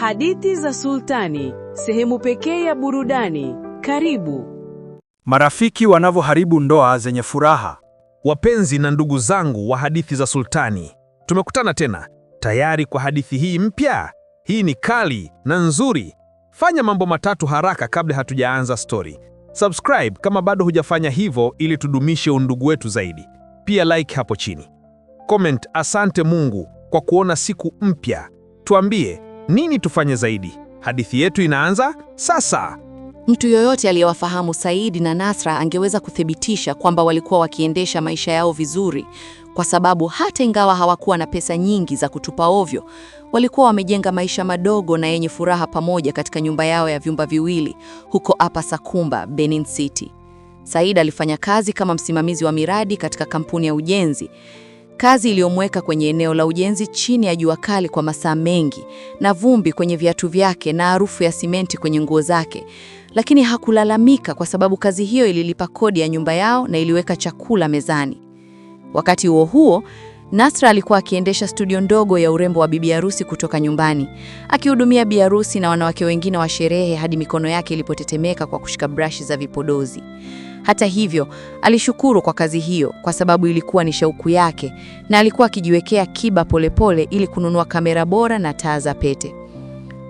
Hadithi za Sultani, sehemu pekee ya burudani. Karibu. Marafiki wanavyoharibu ndoa zenye furaha. Wapenzi na ndugu zangu wa Hadithi za Sultani, tumekutana tena, tayari kwa hadithi hii mpya. Hii ni kali na nzuri. Fanya mambo matatu haraka kabla hatujaanza stori. Subscribe kama bado hujafanya hivyo, ili tudumishe undugu wetu zaidi. Pia like hapo chini. Comment asante Mungu kwa kuona siku mpya. Tuambie nini tufanye zaidi? Hadithi yetu inaanza sasa. Mtu yoyote aliyewafahamu Saidi na Nasra angeweza kuthibitisha kwamba walikuwa wakiendesha maisha yao vizuri, kwa sababu hata ingawa hawakuwa na pesa nyingi za kutupa ovyo, walikuwa wamejenga maisha madogo na yenye furaha pamoja katika nyumba yao ya vyumba viwili huko apa Sakumba, Benin City. Said alifanya kazi kama msimamizi wa miradi katika kampuni ya ujenzi kazi iliyomweka kwenye eneo la ujenzi chini ya jua kali kwa masaa mengi na vumbi kwenye viatu vyake na harufu ya simenti kwenye nguo zake. Lakini hakulalamika kwa sababu kazi hiyo ililipa kodi ya nyumba yao na iliweka chakula mezani. Wakati huo huo, Nasra alikuwa akiendesha studio ndogo ya urembo wa bibi harusi kutoka nyumbani, akihudumia bi harusi na wanawake wengine wa sherehe hadi mikono yake ilipotetemeka kwa kushika brashi za vipodozi. Hata hivyo, alishukuru kwa kazi hiyo kwa sababu ilikuwa ni shauku yake na alikuwa akijiwekea kiba polepole ili kununua kamera bora na taa za pete.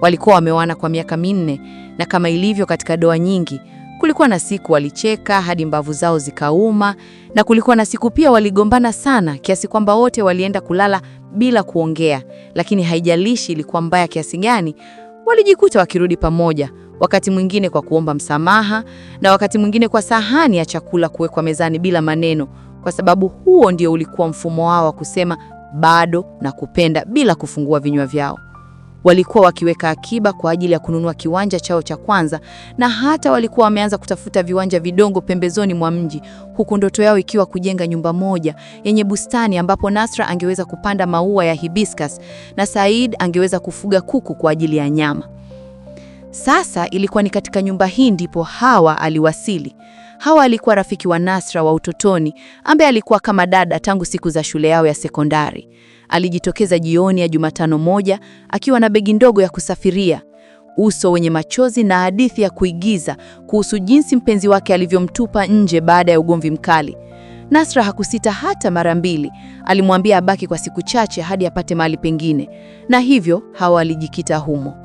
Walikuwa wameoana kwa miaka minne na kama ilivyo katika doa nyingi, kulikuwa na siku walicheka hadi mbavu zao zikauma na kulikuwa na siku pia waligombana sana kiasi kwamba wote walienda kulala bila kuongea, lakini haijalishi ilikuwa mbaya kiasi gani, walijikuta wakirudi pamoja wakati mwingine kwa kuomba msamaha, na wakati mwingine kwa sahani ya chakula kuwekwa mezani bila maneno, kwa sababu huo ndio ulikuwa mfumo wao wa kusema bado na kupenda bila kufungua vinywa vyao. Walikuwa wakiweka akiba kwa ajili ya kununua kiwanja chao cha kwanza, na hata walikuwa wameanza kutafuta viwanja vidogo pembezoni mwa mji, huku ndoto yao ikiwa kujenga nyumba moja yenye bustani ambapo Nasra angeweza kupanda maua ya hibiscus na Said angeweza kufuga kuku kwa ajili ya nyama. Sasa ilikuwa ni katika nyumba hii ndipo Hawa aliwasili. Hawa alikuwa rafiki wa Nasra wa utotoni, ambaye alikuwa kama dada tangu siku za shule yao ya sekondari. Alijitokeza jioni ya Jumatano moja akiwa na begi ndogo ya kusafiria, uso wenye machozi na hadithi ya kuigiza kuhusu jinsi mpenzi wake alivyomtupa nje baada ya ugomvi mkali. Nasra hakusita hata mara mbili, alimwambia abaki kwa siku chache hadi apate mahali pengine, na hivyo Hawa alijikita humo.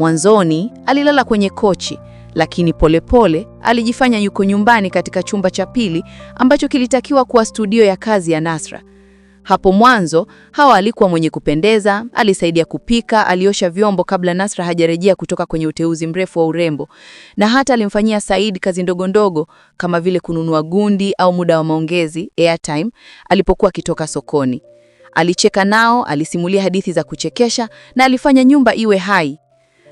Mwanzoni alilala kwenye kochi, lakini polepole pole, alijifanya yuko nyumbani katika chumba cha pili ambacho kilitakiwa kuwa studio ya kazi ya Nasra. Hapo mwanzo Hawa alikuwa mwenye kupendeza, alisaidia kupika, aliosha vyombo kabla Nasra hajarejea kutoka kwenye uteuzi mrefu wa urembo, na hata alimfanyia Said kazi ndogo ndogo kama vile kununua gundi au muda wa maongezi airtime alipokuwa akitoka sokoni. Alicheka nao, alisimulia hadithi za kuchekesha na alifanya nyumba iwe hai,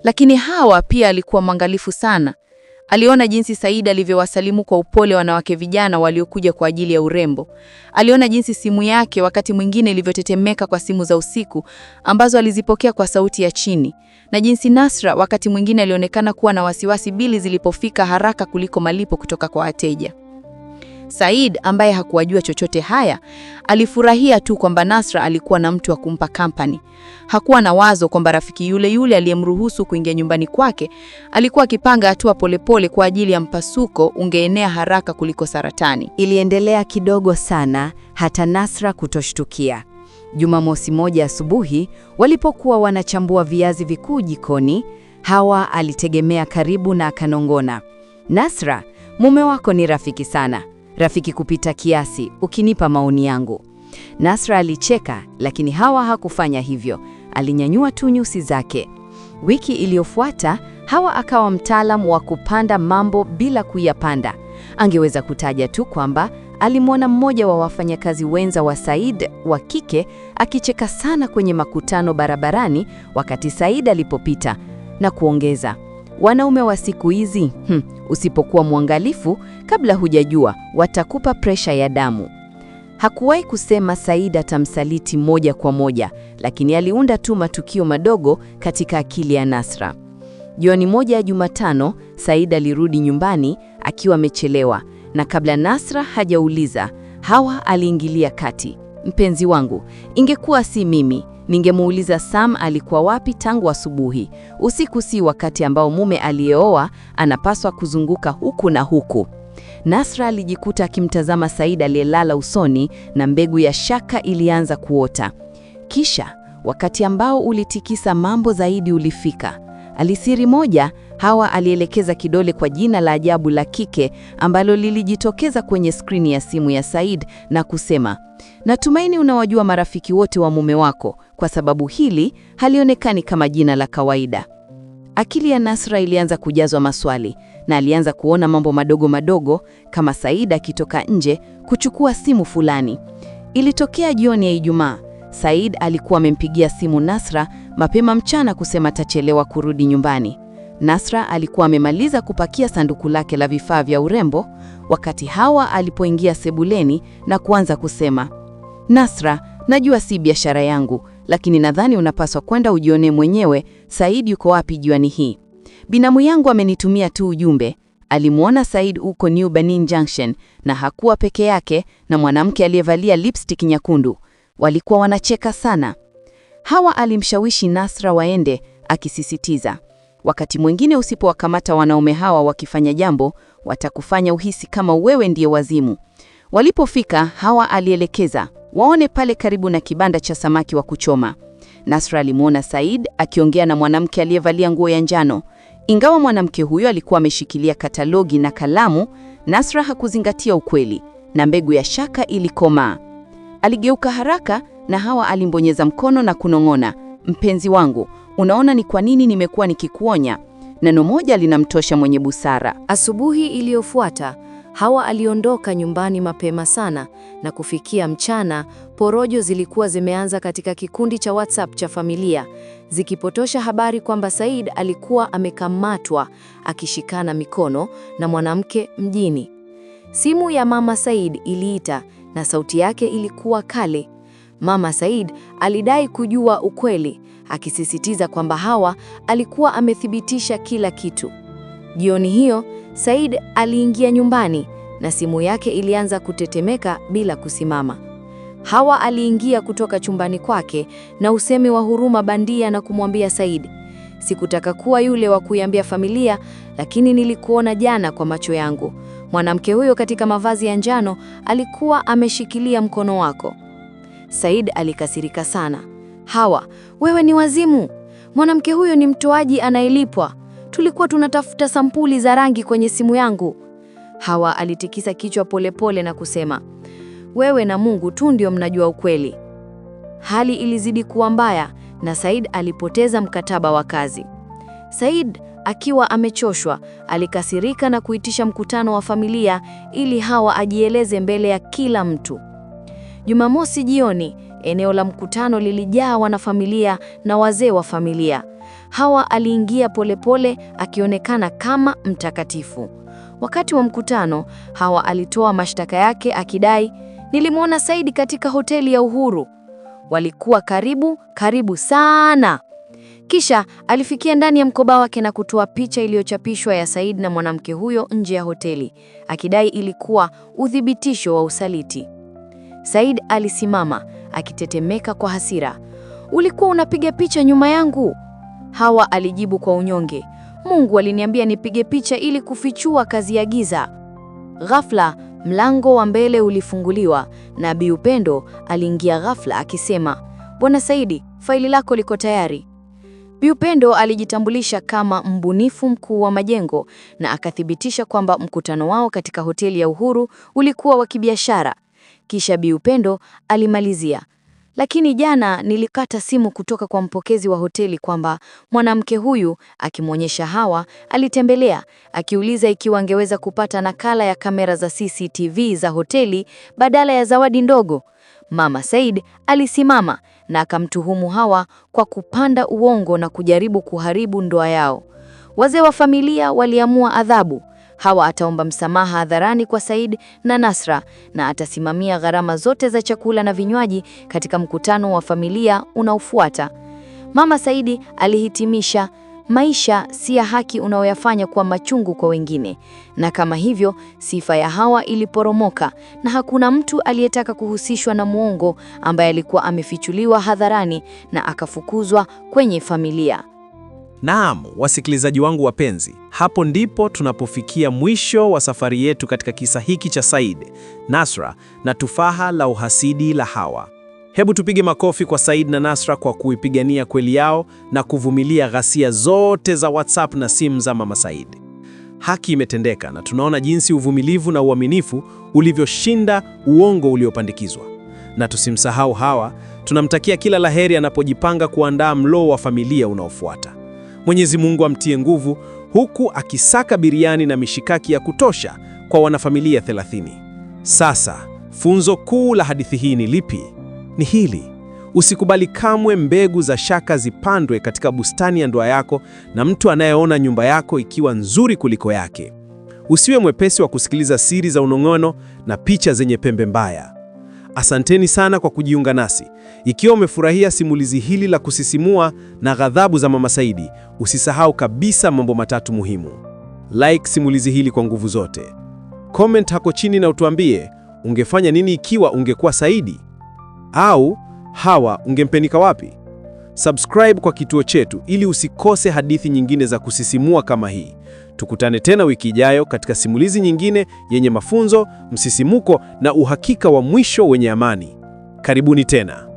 lakini Hawa pia alikuwa mwangalifu sana. Aliona jinsi Said alivyowasalimu kwa upole wanawake vijana waliokuja kwa ajili ya urembo. Aliona jinsi simu yake wakati mwingine ilivyotetemeka kwa simu za usiku ambazo alizipokea kwa sauti ya chini, na jinsi Nasra wakati mwingine alionekana kuwa na wasiwasi bili zilipofika haraka kuliko malipo kutoka kwa wateja. Said ambaye hakuwajua chochote haya alifurahia tu kwamba Nasra alikuwa na mtu wa kumpa kampani. Hakuwa na wazo kwamba rafiki yule yule aliyemruhusu kuingia nyumbani kwake alikuwa akipanga hatua polepole kwa ajili ya mpasuko ungeenea haraka kuliko saratani. Iliendelea kidogo sana hata Nasra kutoshtukia. Jumamosi moja asubuhi walipokuwa wanachambua viazi vikuu jikoni, Hawa alitegemea karibu na akanongona, Nasra, mume wako ni rafiki sana rafiki kupita kiasi, ukinipa maoni yangu. Nasra alicheka, lakini Hawa hakufanya hivyo. Alinyanyua tu nyusi zake. Wiki iliyofuata Hawa akawa mtaalam wa kupanda mambo bila kuyapanda. Angeweza kutaja tu kwamba alimwona mmoja wa wafanyakazi wenza wa Said wa kike akicheka sana kwenye makutano barabarani wakati Said alipopita na kuongeza Wanaume wa siku hizi hm, usipokuwa mwangalifu kabla hujajua watakupa presha ya damu. Hakuwahi kusema Said atamsaliti moja kwa moja, lakini aliunda tu matukio madogo katika akili ya Nasra. Jioni moja ya Jumatano, Said alirudi nyumbani akiwa amechelewa, na kabla Nasra hajauliza, Hawa aliingilia kati. Mpenzi wangu, ingekuwa si mimi Ningemuuliza Sam alikuwa wapi tangu asubuhi. Usiku si wakati ambao mume aliyeoa anapaswa kuzunguka huku na huku. Nasra alijikuta akimtazama Said aliyelala usoni na mbegu ya shaka ilianza kuota. Kisha wakati ambao ulitikisa mambo zaidi ulifika. Alisiri moja Hawa alielekeza kidole kwa jina la ajabu la kike ambalo lilijitokeza kwenye skrini ya simu ya Said na kusema, "Natumaini unawajua marafiki wote wa mume wako kwa sababu hili halionekani kama jina la kawaida." Akili ya Nasra ilianza kujazwa maswali na alianza kuona mambo madogo madogo kama Said akitoka nje kuchukua simu fulani. Ilitokea jioni ya Ijumaa. Said alikuwa amempigia simu Nasra mapema mchana kusema tachelewa kurudi nyumbani. Nasra alikuwa amemaliza kupakia sanduku lake la vifaa vya urembo wakati Hawa alipoingia sebuleni na kuanza kusema, Nasra, najua si biashara yangu, lakini nadhani unapaswa kwenda ujione mwenyewe Said yuko wapi jioni hii. Binamu yangu amenitumia tu ujumbe, alimwona Said uko New Benin Junction na hakuwa peke yake na mwanamke aliyevalia lipstick nyekundu. Walikuwa wanacheka sana. Hawa alimshawishi Nasra waende akisisitiza Wakati mwingine usipowakamata wanaume hawa wakifanya jambo, watakufanya uhisi kama wewe ndiye wazimu. Walipofika, Hawa alielekeza waone pale karibu na kibanda cha samaki wa kuchoma. Nasra alimwona Said akiongea na mwanamke aliyevalia nguo ya njano. Ingawa mwanamke huyo alikuwa ameshikilia katalogi na kalamu, Nasra hakuzingatia ukweli na mbegu ya shaka ilikomaa. Aligeuka haraka na Hawa alimbonyeza mkono na kunong'ona, mpenzi wangu, Unaona ni kwa nini nimekuwa nikikuonya. Neno moja linamtosha mwenye busara. Asubuhi iliyofuata Hawa aliondoka nyumbani mapema sana na kufikia mchana, porojo zilikuwa zimeanza katika kikundi cha WhatsApp cha familia, zikipotosha habari kwamba Said alikuwa amekamatwa akishikana mikono na mwanamke mjini. Simu ya Mama Said iliita na sauti yake ilikuwa kali. Mama Said alidai kujua ukweli akisisitiza kwamba Hawa alikuwa amethibitisha kila kitu. Jioni hiyo, Said aliingia nyumbani na simu yake ilianza kutetemeka bila kusimama. Hawa aliingia kutoka chumbani kwake na usemi wa huruma bandia na kumwambia Said, sikutaka kuwa yule wa kuiambia familia, lakini nilikuona jana kwa macho yangu. Mwanamke huyo katika mavazi ya njano alikuwa ameshikilia mkono wako. Said alikasirika sana. Hawa, wewe ni wazimu! Mwanamke huyo ni mtoaji anayelipwa. Tulikuwa tunatafuta sampuli za rangi kwenye simu yangu. Hawa alitikisa kichwa polepole na kusema, wewe na Mungu tu ndio mnajua ukweli. Hali ilizidi kuwa mbaya na Said alipoteza mkataba wa kazi. Said akiwa amechoshwa, alikasirika na kuitisha mkutano wa familia ili Hawa ajieleze mbele ya kila mtu. Jumamosi jioni Eneo la mkutano lilijaa wanafamilia na wazee wa familia. Hawa aliingia polepole akionekana kama mtakatifu. Wakati wa mkutano, Hawa alitoa mashtaka yake akidai, nilimwona Saidi katika hoteli ya Uhuru. Walikuwa karibu karibu sana. Kisha alifikia ndani ya mkoba wake na kutoa picha iliyochapishwa ya Said na mwanamke huyo nje ya hoteli, akidai ilikuwa uthibitisho wa usaliti. Said alisimama akitetemeka kwa hasira. Ulikuwa unapiga picha nyuma yangu? Hawa alijibu kwa unyonge. Mungu aliniambia nipige picha ili kufichua kazi ya giza. Ghafla mlango wa mbele ulifunguliwa na Bi Upendo aliingia ghafla akisema, Bwana Saidi, faili lako liko tayari. Bi Upendo alijitambulisha kama mbunifu mkuu wa majengo na akathibitisha kwamba mkutano wao katika hoteli ya Uhuru ulikuwa wa kibiashara. Kisha Bi Upendo alimalizia, lakini jana nilikata simu kutoka kwa mpokezi wa hoteli kwamba mwanamke huyu, akimwonyesha Hawa, alitembelea akiuliza ikiwa angeweza kupata nakala ya kamera za CCTV za hoteli badala ya zawadi ndogo. Mama Said alisimama na akamtuhumu Hawa kwa kupanda uongo na kujaribu kuharibu ndoa yao. Wazee wa familia waliamua adhabu, Hawa ataomba msamaha hadharani kwa Said na Nasra na atasimamia gharama zote za chakula na vinywaji katika mkutano wa familia unaofuata. Mama Saidi alihitimisha, maisha si ya haki unaoyafanya kwa machungu kwa wengine. Na kama hivyo, sifa ya Hawa iliporomoka na hakuna mtu aliyetaka kuhusishwa na mwongo ambaye alikuwa amefichuliwa hadharani na akafukuzwa kwenye familia. Naam, wasikilizaji wangu wapenzi, hapo ndipo tunapofikia mwisho wa safari yetu katika kisa hiki cha Said, Nasra na tufaha la uhasidi la Hawa. Hebu tupige makofi kwa Said na Nasra kwa kuipigania kweli yao na kuvumilia ghasia zote za WhatsApp na simu za Mama Said. Haki imetendeka na tunaona jinsi uvumilivu na uaminifu ulivyoshinda uongo uliopandikizwa. Na tusimsahau Hawa, tunamtakia kila laheri anapojipanga kuandaa mlo wa familia unaofuata. Mwenyezi Mungu amtie nguvu, huku akisaka biriani na mishikaki ya kutosha kwa wanafamilia 30. Sasa funzo kuu la hadithi hii ni lipi? Ni hili: usikubali kamwe mbegu za shaka zipandwe katika bustani ya ndoa yako na mtu anayeona nyumba yako ikiwa nzuri kuliko yake. Usiwe mwepesi wa kusikiliza siri za unong'ono na picha zenye pembe mbaya. Asanteni sana kwa kujiunga nasi. Ikiwa umefurahia simulizi hili la kusisimua na ghadhabu za Mama Saidi, usisahau kabisa mambo matatu muhimu. Like simulizi hili kwa nguvu zote. Comment hako chini na utuambie ungefanya nini ikiwa ungekuwa Saidi, au Hawa ungempenika wapi? Subscribe kwa kituo chetu ili usikose hadithi nyingine za kusisimua kama hii. Tukutane tena wiki ijayo katika simulizi nyingine yenye mafunzo, msisimuko na uhakika wa mwisho wenye amani. Karibuni tena.